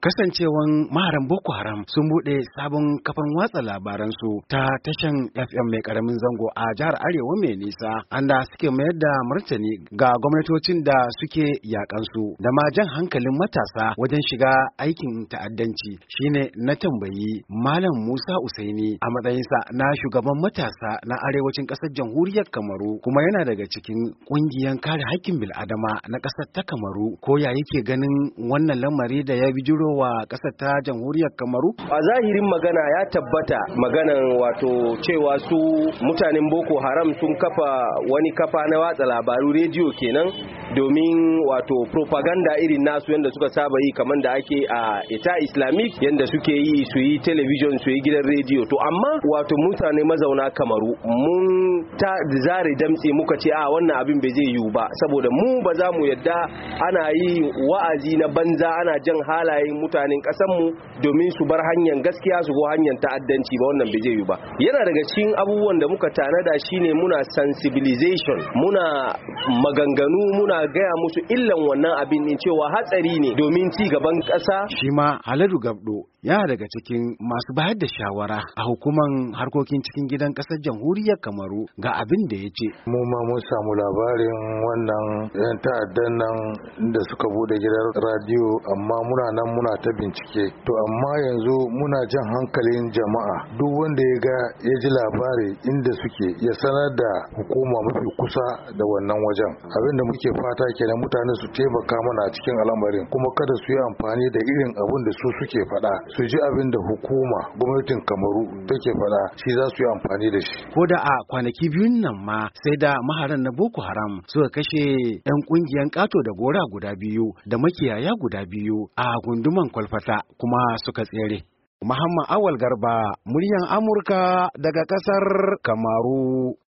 kasancewan maharan boko haram sun bude sabon kafan watsa labaransu ta tashan fm mai karamin zango a jihar arewa mai nisa anda suke mayar da martani ga gwamnatocin da suke yakansu da ma jan hankalin matasa wajen shiga aikin ta'addanci shine na tambayi malam musa usaini a matsayinsa na shugaban matasa na arewacin kasar jamhuriyar kamaru kuma yana daga cikin kungiyan kare hakkin bil'adama na kasar ta kamaru ko ya yake ganin wannan lamari da ya bi juro wa ƙasar ta jamhuriyar kamaru a zahirin magana ya tabbata magana wato cewa su mutanen boko haram sun kafa wani kafa na watsa labaru rediyo kenan domin wato propaganda irin nasu yadda suka saba yi kamar da ake a ita islamic yadda suke yi su yi television su yi gidan rediyo to amma wato mutane mazauna kamaru mun ta zare damtse muka ce a wannan abin bai zai yiwu ba saboda mu ba za mu yadda ana yi wa'azi na banza ana jan halayen mutanen mu domin su bar hanyar gaskiya su ko hanyar ta'addanci ba wannan bai zai yiwu ba yana daga cikin abubuwan da muka tanada shine muna sensibilization muna maganganu muna a gaya musu illan wannan abin ne cewa hatsari ne domin ci gaban ƙasa. Shi ma Haladu Gabdo Ya daga cikin masu bayar da shawara a hukuman harkokin cikin gidan kasar jamhuriyar kamaru ga abin da ya ce mu ma mun samu labarin wannan yan ta'addan nan da suka bude gidan radiyo amma muna nan muna ta bincike to amma yanzu muna jan hankalin jama'a duk wanda ya ga ya ji labari inda suke ya sanar da hukuma mafi kusa da wannan wajen abin da muke fata kenan mutane su taimaka mana cikin al'amarin kuma kada su yi amfani da irin abin da su suke faɗa su ji abin da hukuma gwamnatin kamaru take faɗa shi za su yi amfani da shi ko da a kwanaki biyun nan ma sai da maharan na boko haram suka kashe yan kungiyan kato da gora guda biyu da makiyaya guda biyu a gunduman kwalfata kuma suka tsere Muhammad Awal Garba, muryan Amurka daga ƙasar Kamaru.